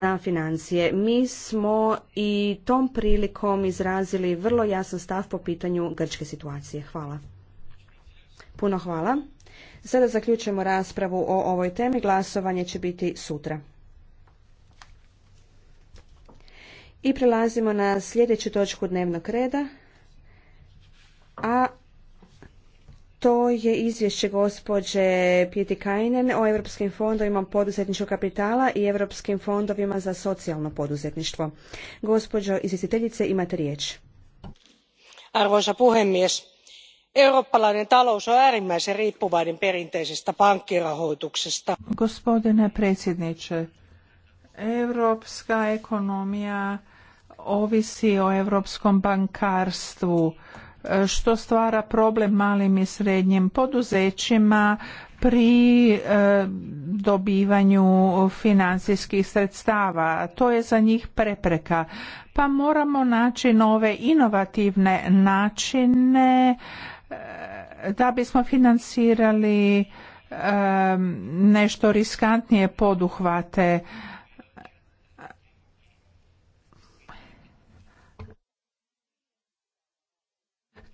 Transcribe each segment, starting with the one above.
na financije. Mi smo i tom prilikom izrazili vrlo jasan stav po pitanju grčke situacije. Hvala. Puno hvala. Sada zaključujemo raspravu o ovoj temi. Glasovanje će biti sutra. I prelazimo na sljedeću točku dnevnog reda. A to je izvješće gospođe Pieti Kajnen o Europskim fondovima poduzetničkog kapitala i Europskim fondovima za socijalno poduzetništvo. Gospođo izvjestiteljice, imate riječ. Arvoisa puhemies, eurooppalainen talous on äärimmäisen riippuvainen perinteisestä pankkirahoituksesta. Gospodine predsjedniče, europska ekonomija ovisi o europskom bankarstvu što stvara problem malim i srednjim poduzećima pri e, dobivanju financijskih sredstava. To je za njih prepreka. Pa moramo naći nove inovativne načine e, da bismo financirali e, nešto riskantnije poduhvate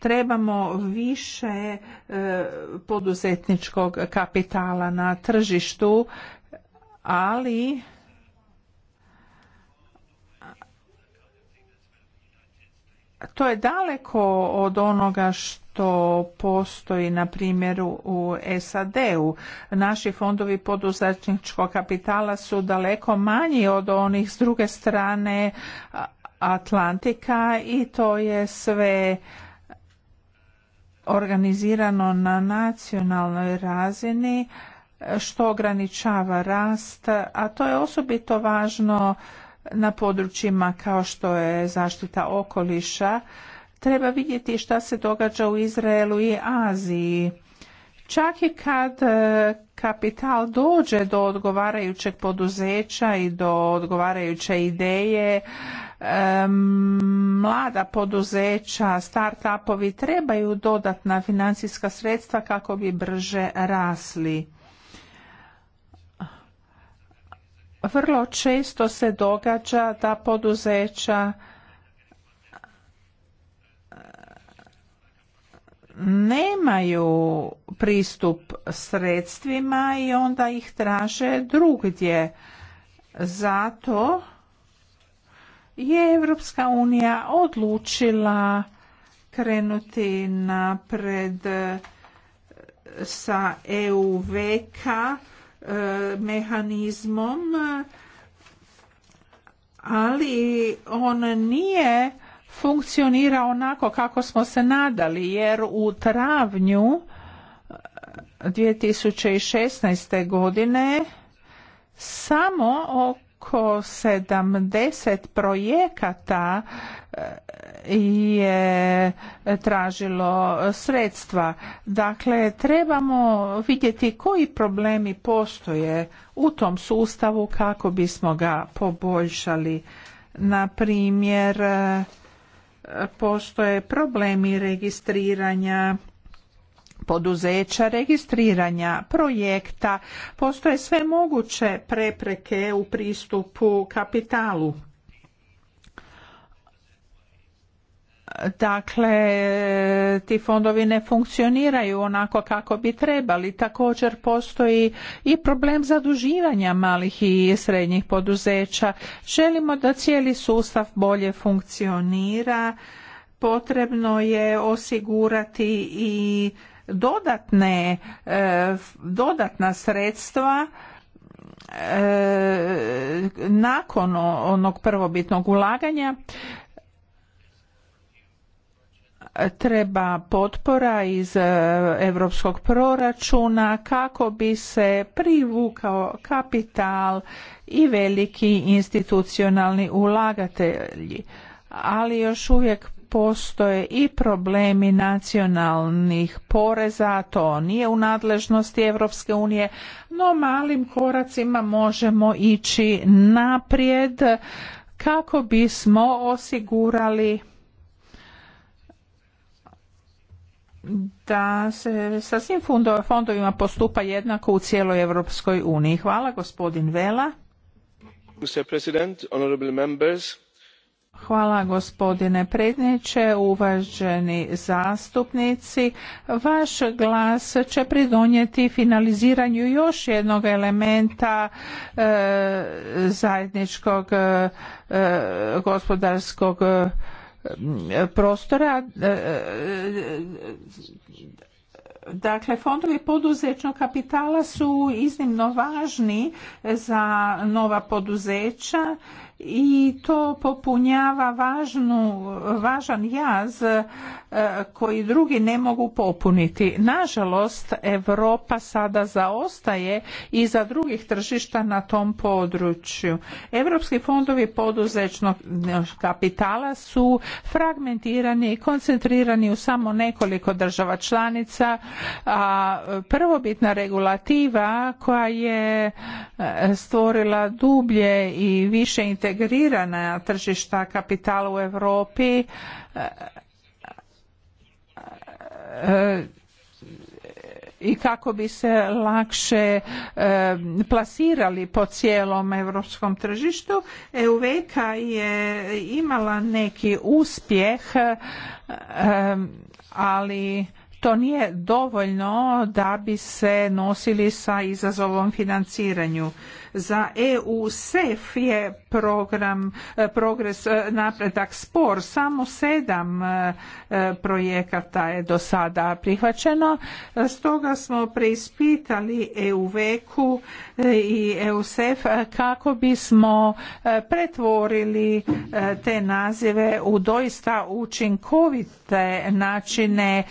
trebamo više e, poduzetničkog kapitala na tržištu, ali to je daleko od onoga što postoji na primjeru u SAD-u. Naši fondovi poduzetničkog kapitala su daleko manji od onih s druge strane Atlantika i to je sve organizirano na nacionalnoj razini što ograničava rast, a to je osobito važno na područjima kao što je zaštita okoliša. Treba vidjeti šta se događa u Izraelu i Aziji. Čak i kad e, kapital dođe do odgovarajućeg poduzeća i do odgovarajuće ideje, mlada poduzeća, start-upovi trebaju dodatna financijska sredstva kako bi brže rasli. Vrlo često se događa da poduzeća nemaju pristup sredstvima i onda ih traže drugdje. Zato je Evropska unija odlučila krenuti napred eh, sa EUVK eh, mehanizmom, eh, ali on nije funkcionira onako kako smo se nadali, jer u travnju 2016. godine samo oko 70 projekata e, je tražilo sredstva. Dakle, trebamo vidjeti koji problemi postoje u tom sustavu kako bismo ga poboljšali. Na primjer, e, postoje problemi registriranja poduzeća, registriranja projekta, postoje sve moguće prepreke u pristupu kapitalu. Dakle, ti fondovi ne funkcioniraju onako kako bi trebali. Također postoji i problem zaduživanja malih i srednjih poduzeća. Želimo da cijeli sustav bolje funkcionira. Potrebno je osigurati i dodatne, e, dodatna sredstva e, nakon onog prvobitnog ulaganja treba potpora iz europskog proračuna kako bi se privukao kapital i veliki institucionalni ulagatelji ali još uvijek postoje i problemi nacionalnih poreza, to nije u nadležnosti Europske unije, no malim koracima možemo ići naprijed kako bismo osigurali da se sa svim fondovima postupa jednako u cijeloj Europskoj uniji. Hvala gospodin Vela. Mr. President, honorable members, Hvala gospodine predsjedniče, uvaženi zastupnici. Vaš glas će pridonijeti finaliziranju još jednog elementa e, zajedničkog e, gospodarskog e, prostora. Dakle, fondovi poduzećnog kapitala su iznimno važni za nova poduzeća i to popunjava važnu, važan jaz e, koji drugi ne mogu popuniti. Nažalost, Europa sada zaostaje i za drugih tržišta na tom području. Europski fondovi poduzećnog kapitala su fragmentirani i koncentrirani u samo nekoliko država članica, a prvobitna regulativa koja je e, stvorila dublje i više integrirana tržišta kapitala u Europi e, e, i kako bi se lakše e, plasirali po cijelom europskom tržištu. Euveka je imala neki uspjeh, ali to nije dovoljno da bi se nosili sa izazovom financiranju. Za EU SEF je program e, progres e, napredak spor. Samo sedam e, projekata je do sada prihvaćeno. Stoga smo preispitali EU veku i EU SEF kako bismo pretvorili te nazive u doista učinkovite načine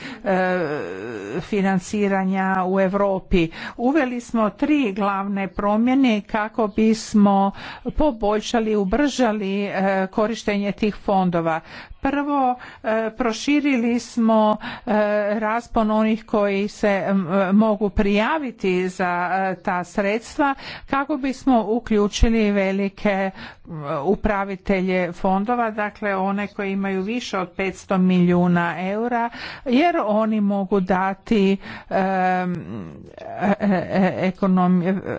financiranja u Europi. Uveli smo tri glavne promjene kako bismo poboljšali, ubržali e, korištenje tih fondova. Prvo, e, proširili smo e, raspon onih koji se mogu prijaviti za e, ta sredstva kako bismo uključili velike upravitelje fondova, dakle one koji imaju više od 500 milijuna eura, jer oni mogu dati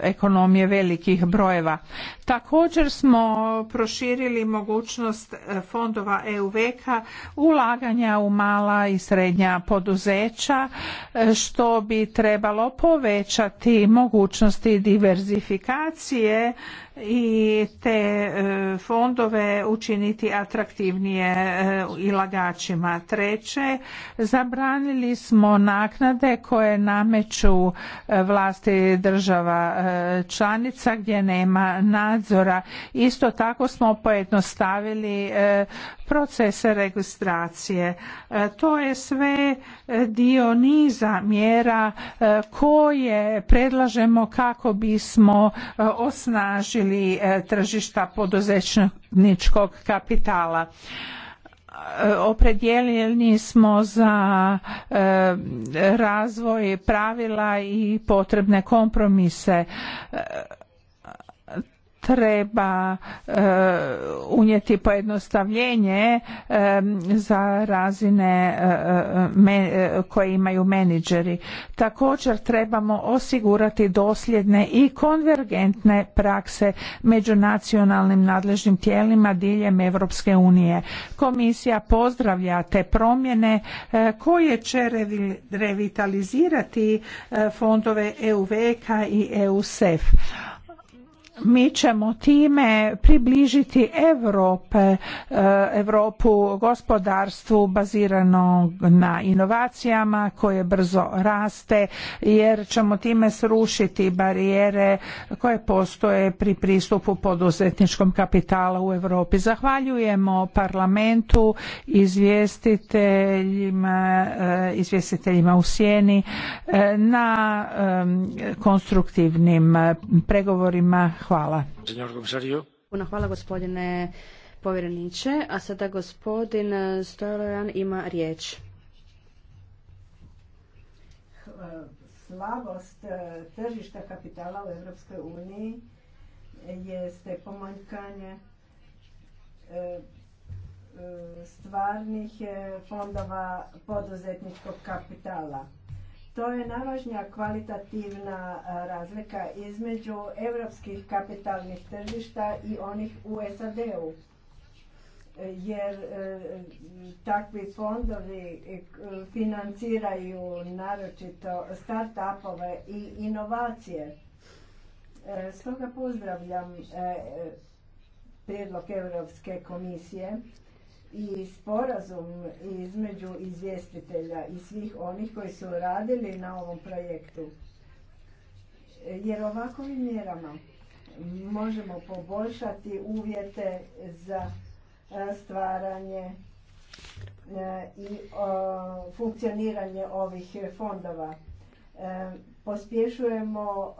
ekonomije, velikih brojeva. Također smo proširili mogućnost fondova EUV ulaganja u mala i srednja poduzeća e, što bi trebalo povećati mogućnosti diverzifikacije i te e, fondove učiniti atraktivnije e, ilagačima. Treće, zabranili smo naknade koje nameću e, vlasti država članica gdje nema nadzora. Isto tako smo pojednostavili procese registracije. To je sve dio niza mjera koje predlažemo kako bismo osnažili ili e, tržišta poduzetničkog kapitala e, opredijeljeni smo za e, razvoj pravila i potrebne kompromise treba e, unijeti pojednostavljenje e, za razine e, koje imaju menadžeri. Također trebamo osigurati dosljedne i konvergentne prakse među nacionalnim nadležnim tijelima diljem Europske unije. Komisija pozdravlja te promjene koje će revitalizirati fondove EUVK i EUSEF mi ćemo time približiti Europe, Europu gospodarstvu bazirano na inovacijama koje brzo raste jer ćemo time srušiti barijere koje postoje pri pristupu poduzetničkom kapitala u Europi. Zahvaljujemo parlamentu, izvjestiteljima, e, izvjestiteljima u sjeni e, na konstruktivnim pregovorima Hvala. Puno hvala gospodine povjereniče, a sada gospodin Stojlojan ima riječ. Slabost eh, tržišta kapitala u Europskoj uniji jeste pomanjkanje eh, eh, stvarnih fondova poduzetničkog kapitala to je najvažnija kvalitativna e, razlika između europskih kapitalnih tržišta i onih u SAD-u. E, jer e, takvi fondovi financiraju naročito start-upove i inovacije. Stoga pozdravljam prijedlog Europske komisije i sporazum između izvjestitelja i svih onih koji su radili na ovom projektu. Jer ovakvim mjerama možemo poboljšati uvjete za e, stvaranje e, i funkcioniranje ovih fondova. E, pospješujemo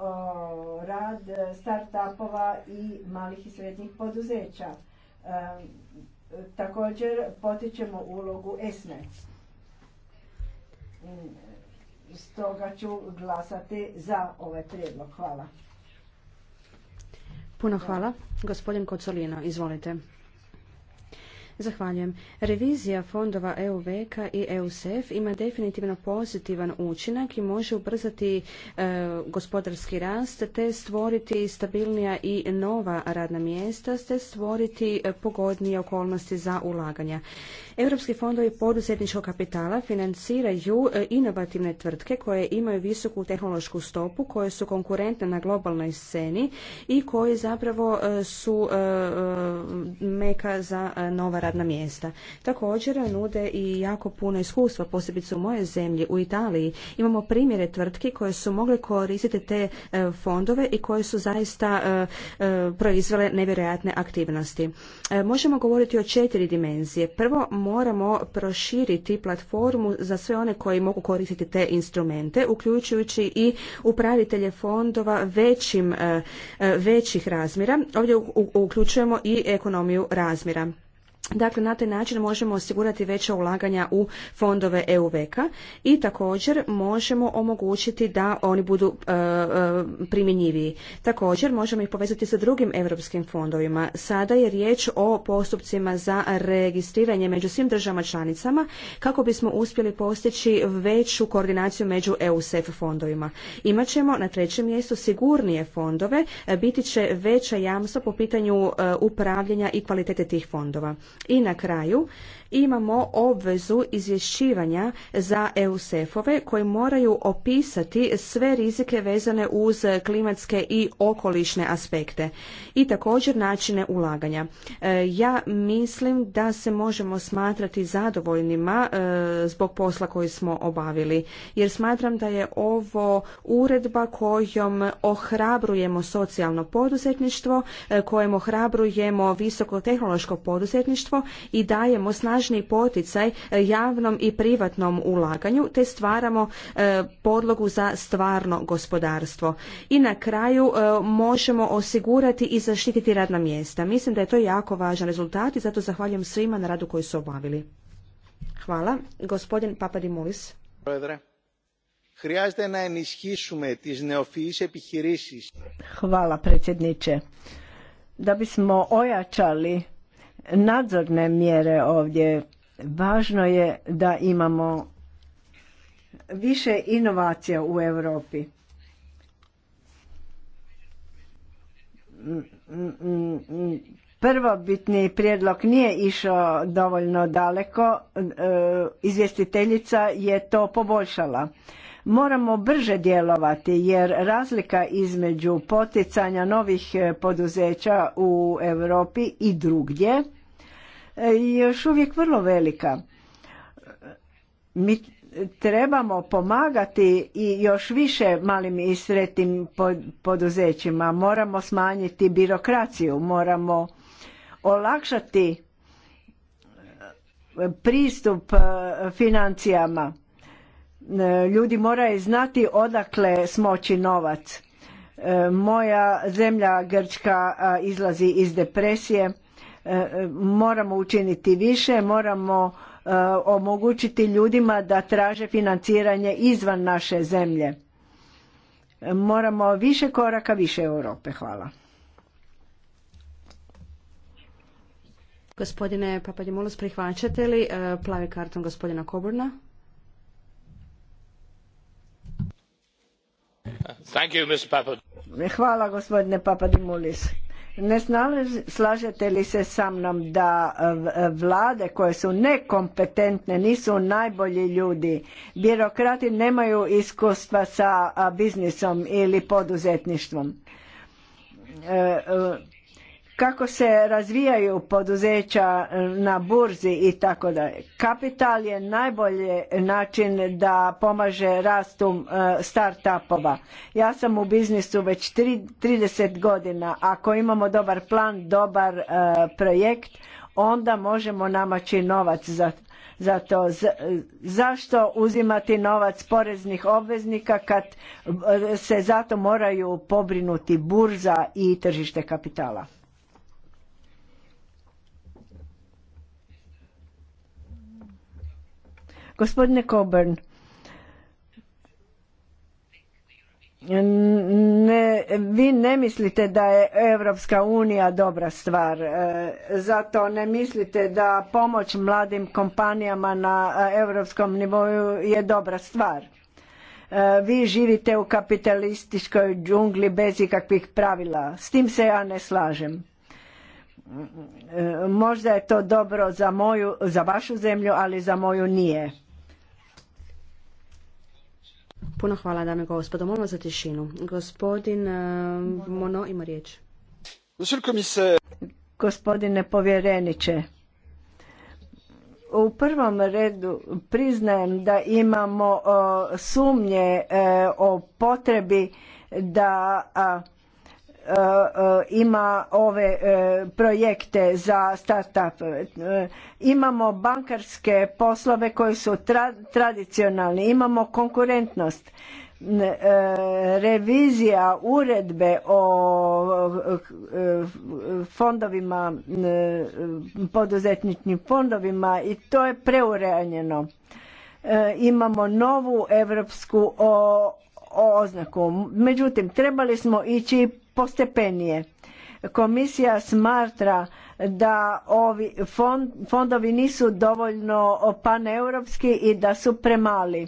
rad start-upova i malih i srednjih poduzeća Također potičemo ulogu esne Stoga e, ću glasati za ovaj prijedlog. Hvala. Puno hvala. Gospodin Kocolino, izvolite. Zahvaljujem. Revizija fondova EUVK i EUSEF ima definitivno pozitivan učinak i može ubrzati e, gospodarski rast te stvoriti stabilnija i nova radna mjesta te stvoriti e, pogodnije okolnosti za ulaganja. Europski fondovi poduzetničkog kapitala financiraju e, inovativne tvrtke koje imaju visoku tehnološku stopu, koje su konkurentne na globalnoj sceni i koje zapravo su meka za nova radna mjesta. Također nude i jako puno iskustva, posebice u moje zemlji, u Italiji. Imamo primjere tvrtki koje su mogle koristiti te e, fondove i koje su zaista e, e, proizvele nevjerojatne aktivnosti. Možemo govoriti o četiri dimenzije. Prvo, moramo proširiti platformu za sve one koji mogu koristiti te instrumente, uključujući i upravitelje fondova većih razmjera. Ovdje uključujemo i ekonomiju razmjera. Dakle, na taj način možemo osigurati veća ulaganja u fondove e veka i također možemo omogućiti da oni budu e, e, primjenjiviji. Također možemo ih povezati sa drugim europskim fondovima. Sada je riječ o postupcima za registriranje među svim državama članicama kako bismo uspjeli postići veću koordinaciju među EUSEF fondovima. Imaćemo na trećem mjestu sigurnije fondove, e, biti će veća jamstva po pitanju upravljanja i kvalitete tih fondova. I na kraju imamo obvezu izvješćivanja za eusf ove koji moraju opisati sve rizike vezane uz klimatske i okolišne aspekte i također načine ulaganja. E, ja mislim da se možemo smatrati zadovoljnima e, zbog posla koji smo obavili jer smatram da je ovo uredba kojom ohrabrujemo socijalno poduzetništvo, e, kojom ohrabrujemo visokotehnološko poduzetništvo i dajemo snažan snažni poticaj e, javnom i privatnom ulaganju te stvaramo e, podlogu za stvarno gospodarstvo. I na kraju e, možemo osigurati i zaštititi radna mjesta. Mislim da je to jako važan rezultat i zato zahvaljujem svima na radu koji su obavili. Hvala. Gospodin Papadimulis. Hvala predsjedniče. Da bismo ojačali nadzorne mjere ovdje. Važno je da imamo više inovacija u Europi. Prvobitni prijedlog nije išao dovoljno daleko, e, izvjestiteljica je to poboljšala. Moramo brže djelovati jer razlika između poticanja novih e, poduzeća u Europi i drugdje e, je još uvijek vrlo velika. Mi trebamo pomagati i još više malim i sretnim poduzećima. Moramo smanjiti birokraciju, moramo olakšati e, pristup financijama E, ljudi moraju znati odakle smoći novac. E, moja zemlja Grčka izlazi iz depresije. E, moramo učiniti više, moramo omogućiti ljudima da traže financiranje izvan naše zemlje. Moramo više koraka, više Europe. Hvala. Gospodine Papadimoulos, prihvaćate li plavi karton gospodina Koburna? Hvala gospodine Papadimulis. Ne slažete li se sa mnom da e, e, vlade koje su nekompetentne nisu najbolji ljudi? Birokrati nemaju iskustva sa biznisom ili poduzetništvom. E, kako se razvijaju poduzeća na burzi i tako dalje. Kapital je najbolji način da pomaže rastu e, start-upova. Ja sam u biznisu već 30 godina. Ako imamo dobar plan, dobar e, projekt, onda možemo namaći novac za to. zašto uzimati novac poreznih obveznika kad e, se zato moraju pobrinuti burza i tržište kapitala Gospodine Coburn, ne, vi ne mislite da je Europska unija dobra stvar, e, zato ne mislite da pomoć mladim kompanijama na europskom nivou je dobra stvar. E, vi živite u kapitalističkoj džungli bez ikakvih pravila. S tim se ja ne slažem. E, možda je to dobro za moju, za vašu zemlju, ali za moju nije Puno hvala, dame i gospodo. Molim za tišinu. Gospodin eh, Mono ima riječ. Gospodine povjereniče, u prvom redu priznajem da imamo eh, sumnje eh, o potrebi da E, e, ima ove e, projekte za start-up. Imamo bankarske poslove koji su tradicionalni, imamo konkurentnost. Revizija uredbe o fondovima, poduzetničkim fondovima i to je preuranjeno. Imamo novu europsku oznaku. Međutim, trebali smo ići postepenije. Komisija smatra da ovi fondovi nisu dovoljno paneuropski i da su premali.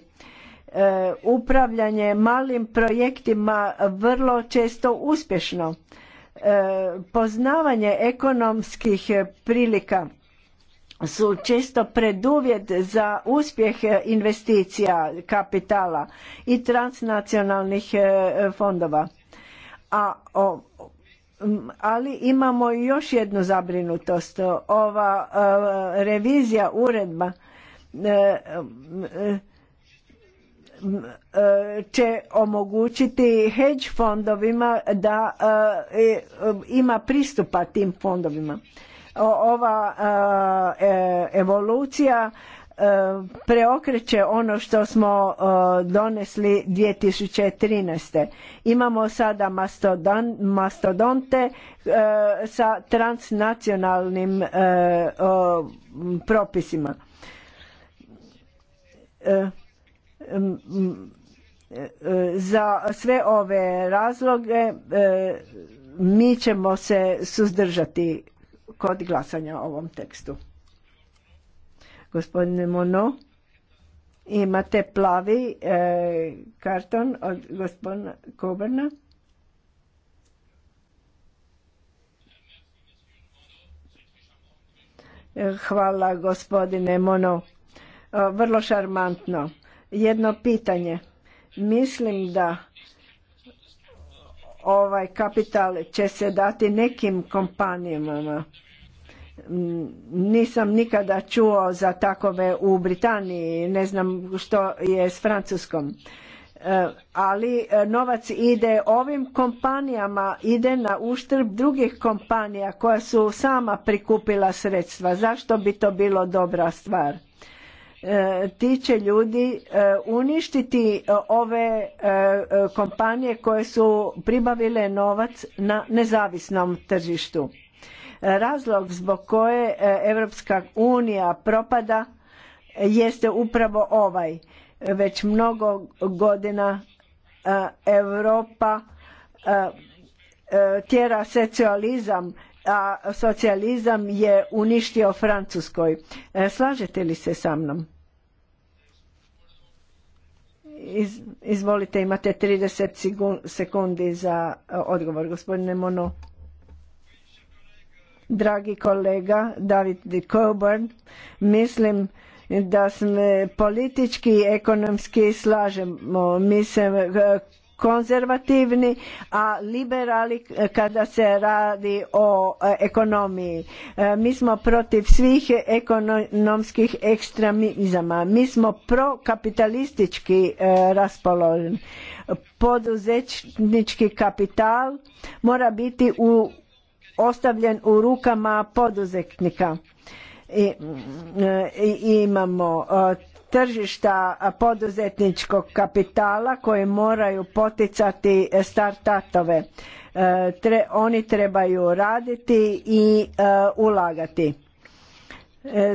E, upravljanje malim projektima vrlo često uspješno. E, poznavanje ekonomskih prilika su često preduvjet za uspjeh investicija kapitala i transnacionalnih e, fondova a, o, ali imamo još jednu zabrinutost. Ova e, revizija uredba e, e, će omogućiti hedge fondovima da ima pristupa tim fondovima. Ova evolucija E, preokreće ono što smo e, donesli 2013. Imamo sada mastodonte e, sa transnacionalnim propisima. Za sve ove razloge mi ćemo se suzdržati kod glasanja o ovom tekstu. Gospodine Mono, imate plavi e, karton od gospodina Koberna. Hvala gospodine Mono. E, vrlo šarmantno. Jedno pitanje. Mislim da ovaj kapital će se dati nekim kompanijama Mm, nisam nikada čuo za takove u Britaniji, ne znam što je s Francuskom. E, ali e, novac ide ovim kompanijama, ide na uštrb drugih kompanija koja su sama prikupila sredstva. Zašto bi to bilo dobra stvar? E, ti će ljudi uništiti ove kompanije koje su pribavile novac na nezavisnom tržištu Razlog zbog koje Europska unija propada jeste upravo ovaj. Već mnogo godina Europa e, e, tjera socijalizam, a socijalizam je uništio Francuskoj. E, slažete li se sa mnom? izvolite, imate 30 sekundi za odgovor, gospodine Mono dragi kolega David Coburn, mislim da smo politički i ekonomski slažemo. Mi se eh, konzervativni, a liberali kada se radi o eh, ekonomiji. Eh, mi smo protiv svih ekonomskih ekstremizama. Mi smo prokapitalistički raspoloženi. Poduzetnički kapital mora biti u ostavljen u rukama poduzetnika. I, imamo e, tržišta poduzetničkog kapitala koje moraju poticati startatove. E, tre, oni trebaju raditi i e, ulagati.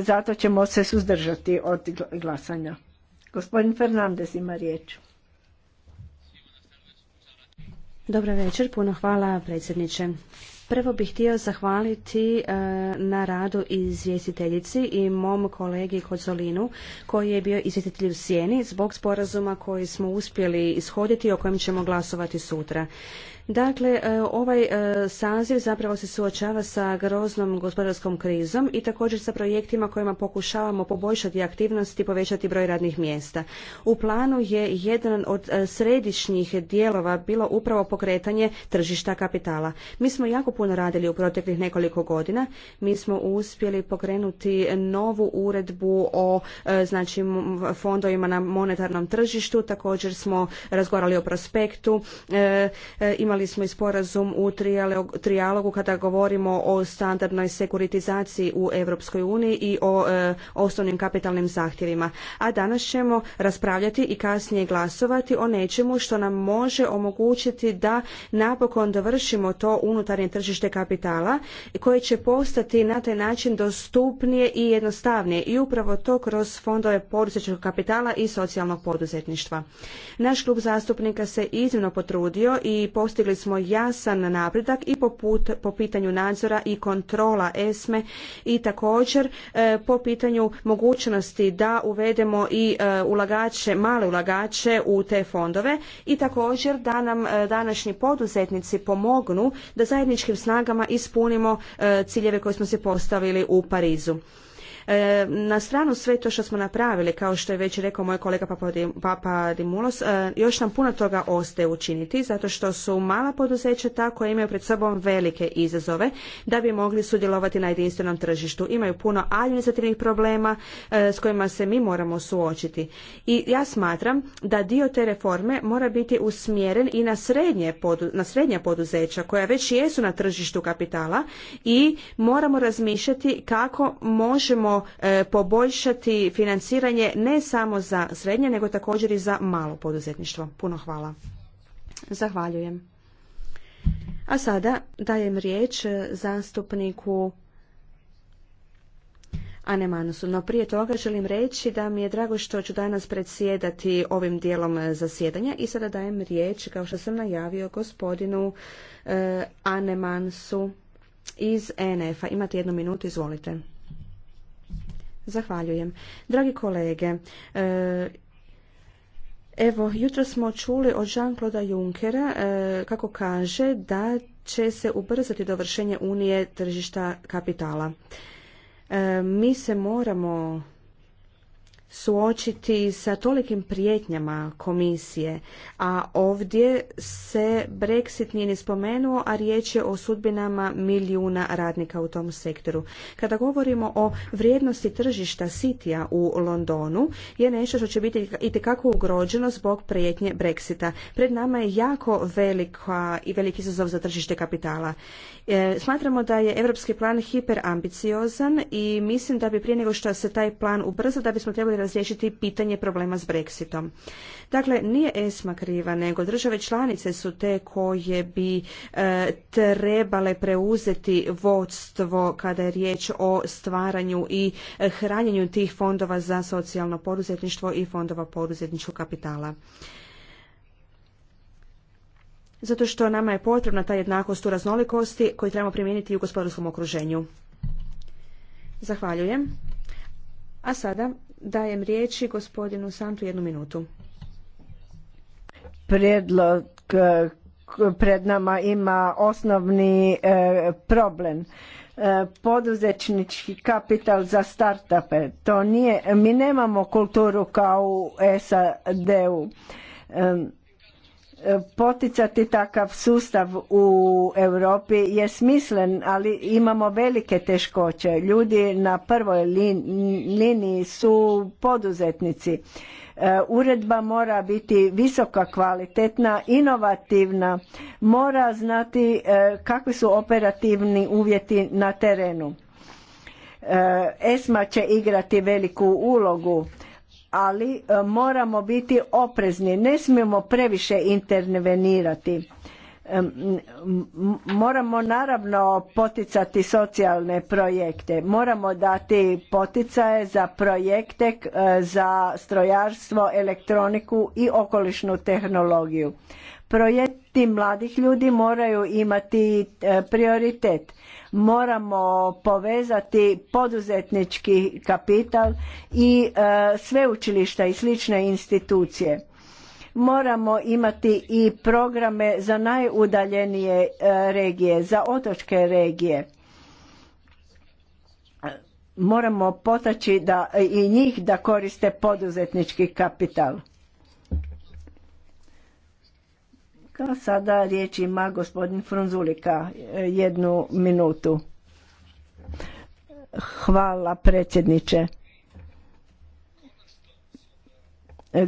Zato ćemo se suzdržati od glasanja. Gospodin Fernandez ima riječ. Dobar večer, puno hvala predsjedniče. Prvo bih htio zahvaliti e, na radu izvjestiteljici i mom kolegi Kozolinu koji je bio izvjestitelj u Sjeni zbog sporazuma koji smo uspjeli ishoditi i o kojem ćemo glasovati sutra. Dakle, e, ovaj e, saziv zapravo se suočava sa groznom gospodarskom krizom i također sa projektima kojima pokušavamo poboljšati aktivnosti, i povećati broj radnih mjesta. U planu je jedan od središnjih dijelova bilo upravo pokretanje tržišta kapitala. Mi smo jako puno radili u proteklih nekoliko godina. Mi smo uspjeli pokrenuti novu uredbu o e, znači, fondovima na monetarnom tržištu. Također smo razgovarali o prospektu. E, e, imali smo i sporazum u trijalogu kada govorimo o standardnoj sekuritizaciji u Europskoj uniji i o osnovnim kapitalnim zahtjevima. A danas ćemo raspravljati i kasnije glasovati o nečemu što nam može omogućiti da napokon dovršimo to unutarnje tržište tržište kapitala koje će postati na taj način dostupnije i jednostavnije i upravo to kroz fondove poduzetničkog kapitala i socijalnog poduzetništva. Naš klub zastupnika se iznimno potrudio i postigli smo jasan napredak i po, pitanju nadzora i kontrola ESME i također e, po pitanju mogućnosti da uvedemo i e, ulagače, male ulagače u te fondove i također da nam e, današnji poduzetnici pomognu da zajednički snagama ispunimo e, ciljeve koje smo se postavili u Parizu. E, na stranu sve to što smo napravili, kao što je već rekao moj kolega Papa Papadimulos, e, još nam puno toga ostaje učiniti, zato što su mala poduzeća ta koja imaju pred sobom velike izazove da bi mogli sudjelovati na jedinstvenom tržištu. Imaju puno administrativnih problema e, s kojima se mi moramo suočiti. I ja smatram da dio te reforme mora biti usmjeren i na, srednje, na srednja poduzeća koja već jesu na tržištu kapitala i moramo razmišljati kako možemo E, poboljšati financiranje ne samo za srednje, nego također i za malo poduzetništvo. Puno hvala. Zahvaljujem. A sada dajem riječ zastupniku Anemansu. No prije toga želim reći da mi je drago što ću danas predsjedati ovim dijelom zasjedanja i sada dajem riječ, kao što sam najavio, gospodinu e, Anemansu iz ENF-a. Imate jednu minutu, izvolite. Zahvaljujem. Dragi kolege, e, evo, jutro smo čuli od Jean-Claude Junckera e, kako kaže da će se ubrzati dovršenje Unije tržišta kapitala. E, mi se moramo suočiti sa tolikim prijetnjama komisije, a ovdje se Brexit nije ni spomenuo, a riječ je o sudbinama milijuna radnika u tom sektoru. Kada govorimo o vrijednosti tržišta sitija u Londonu, je nešto što će biti itekako ugrođeno zbog prijetnje Brexita. Pred nama je jako velika i veliki izazov za tržište kapitala. E, smatramo da je europski plan hiperambiciozan i mislim da bi prije nego što se taj plan ubrza, da bismo trebali razriješiti pitanje problema s Brexitom. Dakle, nije ESMA kriva, nego države članice su te koje bi e, trebale preuzeti vodstvo kada je riječ o stvaranju i e, hranjenju tih fondova za socijalno poduzetništvo i fondova poduzetničkog kapitala zato što nama je potrebna ta jednakost u raznolikosti koju trebamo primijeniti i u gospodarskom okruženju. Zahvaljujem. A sada Dajem riječi gospodinu Santu jednu minutu. Prijedlog eh, pred nama ima osnovni eh, problem eh, poduzetnički kapital za startupe. To nije, mi nemamo kulturu kao u SAD-u poticati takav sustav u Europi je smislen, ali imamo velike teškoće. Ljudi na prvoj liniji su poduzetnici. E, uredba mora biti visoka kvalitetna, inovativna, mora znati e, kakvi su operativni uvjeti na terenu. E, ESMA će igrati veliku ulogu ali e, moramo biti oprezni, ne smijemo previše intervenirati. E, moramo naravno poticati socijalne projekte, moramo dati poticaje za projekte e, za strojarstvo, elektroniku i okolišnu tehnologiju. Projekti mladih ljudi moraju imati prioritet moramo povezati poduzetnički kapital i e, sveučilišta i slične institucije moramo imati i programe za najudaljenije e, regije za otočke regije moramo potaći da i njih da koriste poduzetnički kapital Sada riječ ima gospodin Frunzulika e, jednu minutu. Hvala predsjedniče. E,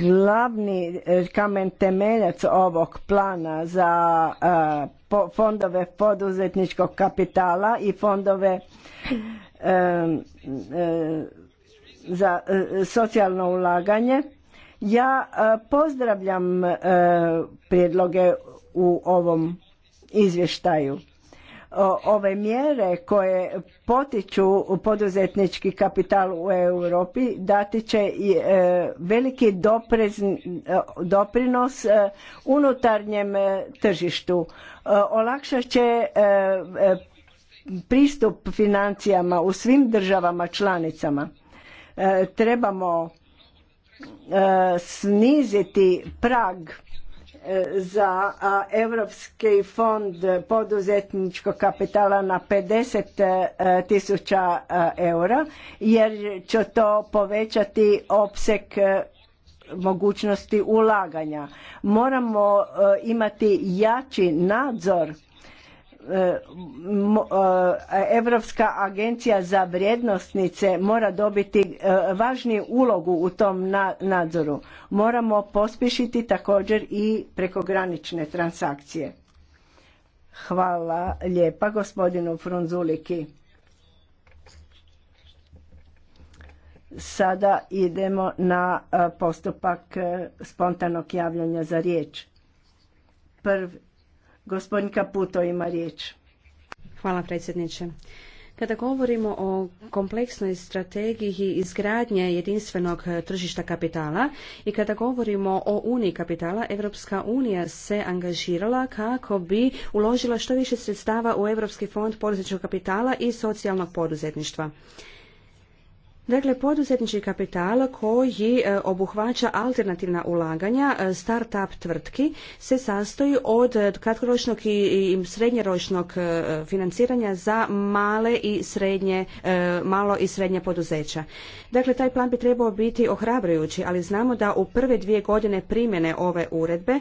glavni e, kamen temeljac ovog plana za fondove poduzetničkog kapitala i fondove za socijalno ulaganje ja e, pozdravljam e, prijedloge u ovom izvještaju. Ove mjere koje potiču poduzetnički kapital u Europi dati će e, veliki doprinos unutarnjem tržištu. Olakšat će pristup financijama u svim državama članicama. Trebamo E, sniziti prag e, za Europski fond poduzetničkog kapitala na 50 e, tisuća eura jer će to povećati opseg mogućnosti ulaganja. Moramo imati jači nadzor Europska e, agencija za vrijednosnice mora dobiti e, važniju ulogu u tom nadzoru. Moramo pospješiti također i prekogranične transakcije. Hvala lijepa gospodinu Frunzuliki. Sada idemo na e, postupak spontanog javljanja za riječ. Prvi Gospodin Kaputo ima riječ. Hvala predsjedniče. Kada govorimo o kompleksnoj strategiji izgradnje jedinstvenog tržišta kapitala i kada govorimo o uniji kapitala, Evropska unija se angažirala kako bi uložila što više sredstava u Europski fond poduzetničkog kapitala i socijalnog poduzetništva. Dakle, poduzetnički kapital koji e, obuhvaća alternativna ulaganja e, start-up tvrtki se sastoji od e, kratkoročnog i srednjeročnog financiranja za male i srednje, malo i srednje poduzeća. Dakle, taj plan bi trebao biti ohrabrujući, ali znamo da u prve dvije godine primjene ove uredbe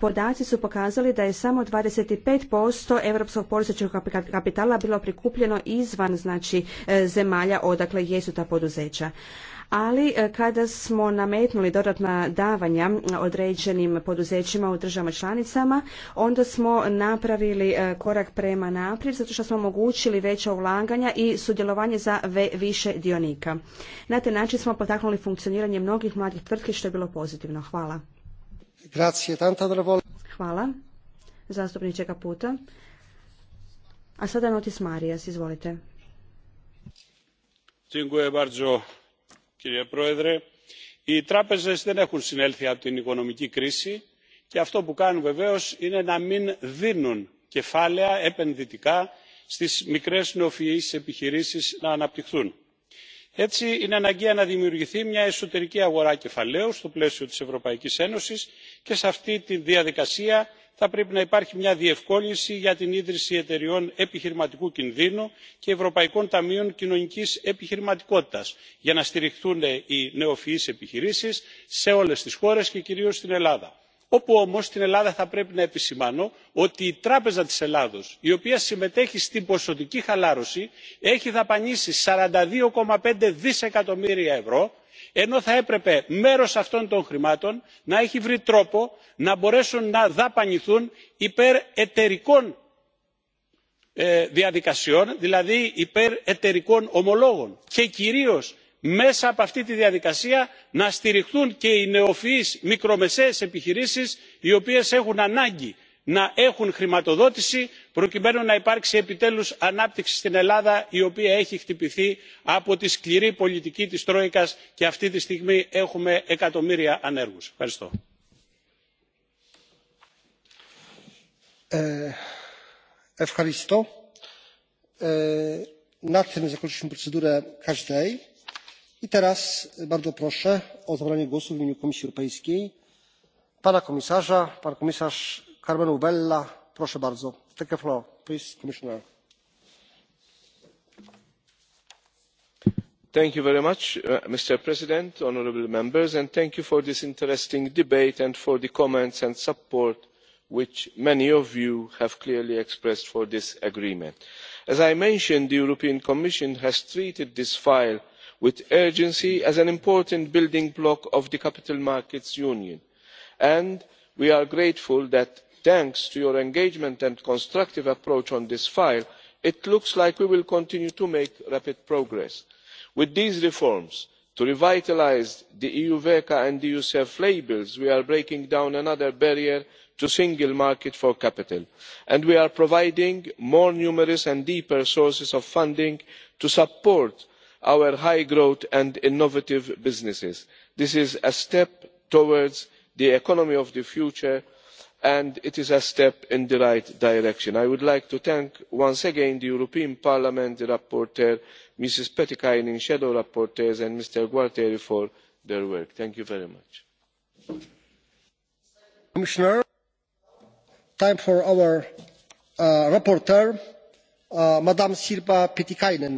podaci su pokazali da je samo 25% europskog poduzetničkog kapitala bilo prikupljeno izvan znači zemalja odakle jesu ta poduzeća poduzeća. Ali e, kada smo nametnuli dodatna davanja određenim poduzećima u državama članicama, onda smo napravili e, korak prema naprijed zato što smo omogućili veća ulaganja i sudjelovanje za više dionika. Na taj način smo potaknuli funkcioniranje mnogih mladih tvrtki što je bilo pozitivno. Hvala. Hvala. Zastupniče Kaputa. A sada Notis Marijas, izvolite κύριε πρόεδρε οι τράπεζες δεν έχουν συνέλθει από την οικονομική κρίση και αυτό που κάνουν βεβαίως είναι να μην δίνουν κεφάλαια επενδυτικά στις μικρές νεοφυείς επιχειρήσεις να αναπτυχθούν. έτσι είναι αναγκαία να δημιουργηθεί μια εσωτερική αγορά κεφαλαίου στο πλαίσιο της ευρωπαϊκής ένωσης και σε αυτή τη διαδικασία θα πρέπει να υπάρχει μια διευκόλυνση για την ίδρυση εταιριών επιχειρηματικού κινδύνου και ευρωπαϊκών ταμείων κοινωνική επιχειρηματικότητα, για να στηριχθούν οι νεοφυεί επιχειρήσει σε όλε τι χώρε και κυρίω στην ελλάδα όπου όμω, στην ελλάδα θα πρέπει να επισημάνω ότι η τράπεζα τη Ελλάδο, η οποία συμμετέχει στην ποσοτική χαλάρωση έχει δαπανίσει σαράντα δύο πέντε δισεκατομμύρια ευρώ ενώ θα έπρεπε μέρος αυτών των χρημάτων να έχει βρει τρόπο να μπορέσουν να δαπανηθούν υπέρ εταιρικών διαδικασιών δηλαδή υπέρ εταιρικών ομολόγων και κυρίως μέσα από αυτή τη διαδικασία να στηριχθούν και οι νεοφυείς μικρομεσαίες επιχειρήσεις οι οποίες έχουν ανάγκη να έχουν χρηματοδότηση προκειμένου να υπάρξει επιτέλους ανάπτυξη στην ελλάδα η οποία έχει χτυπηθεί από τη σκληρή πολιτική της τρόικας και αυτή τη στιγμή έχουμε εκατομμύρια ανέργους. ευχαριστώ. Ε, ευχαριστώ. Ε, procedurę i teraz bardzo proszę o zabranie głosu w imieniu komisji europejskiej pana komisarza. pan komisarz bardzo. floor, please, Mr. Uh, President, honourable members, and thank you for this interesting debate and for the comments and support which many of you have clearly expressed for this agreement. As I mentioned, the European Commission has treated this file with urgency as an important building block of the capital markets union and we are grateful that thanks to your engagement and constructive approach on this file it looks like we will continue to make rapid progress. with these reforms to revitalise the eu e and eusef labels we are breaking down another barrier to the single market for capital and we are providing more numerous and deeper sources of funding to support our high growth and innovative businesses. this is a step towards the economy of the future and it is a step in the right direction. i would like to thank once again the european parliament the rapporteur mrs pietikinen shadow rapporteurs and mr gualtieri for their work. thank you very much. time for our uh, rapporteur uh,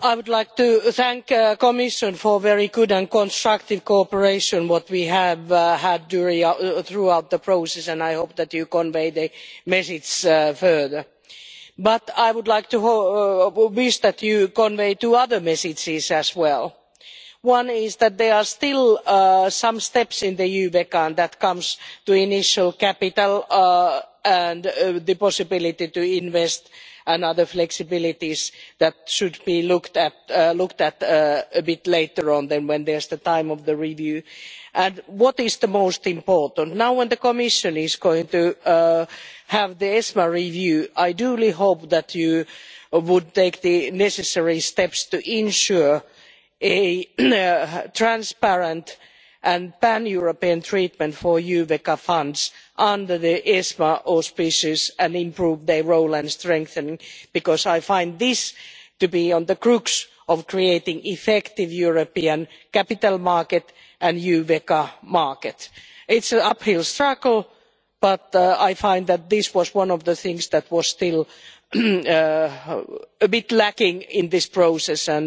i would like to thank the uh, commission for the very good and constructive cooperation that we have uh, had uh, throughout the process and i hope that you convey the message further. but i would like to wish that you convey two other messages as well. one is that there are still some steps in the when that comes to initial capital and the possibility to invest and other flexibilities that should be looked at uh, uh, a bit later on than when there is the time of the review. what is the most important? now when the commission is going to uh, have the esma review i duly hope that you would take the necessary steps to ensure a transparent and pan european treatment for euveca funds under the esma auspices and improve their role and strengthening because i find this to be on the crux of creating an effective european capital market and euveca market. it is an uphill struggle but uh, i find that this was one of the things that was still uh, a bit lacking in this process and